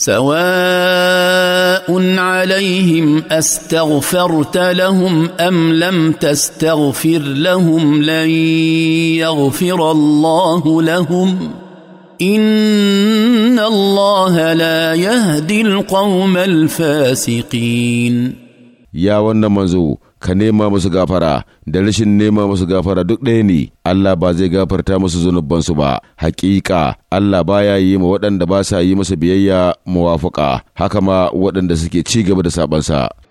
سواء عليهم استغفرت لهم ام لم تستغفر لهم لن يغفر الله لهم ان الله لا يهدي القوم الفاسقين ya wannan manzo ka nema musu gafara da rashin nema musu gafara duk ɗaya ne Allah ba zai gafarta musu zunubansu ba hakika Allah ba ya yi ma waɗanda ba sa yi masa biyayya muwafuka haka ma waɗanda suke ci gaba da sabansa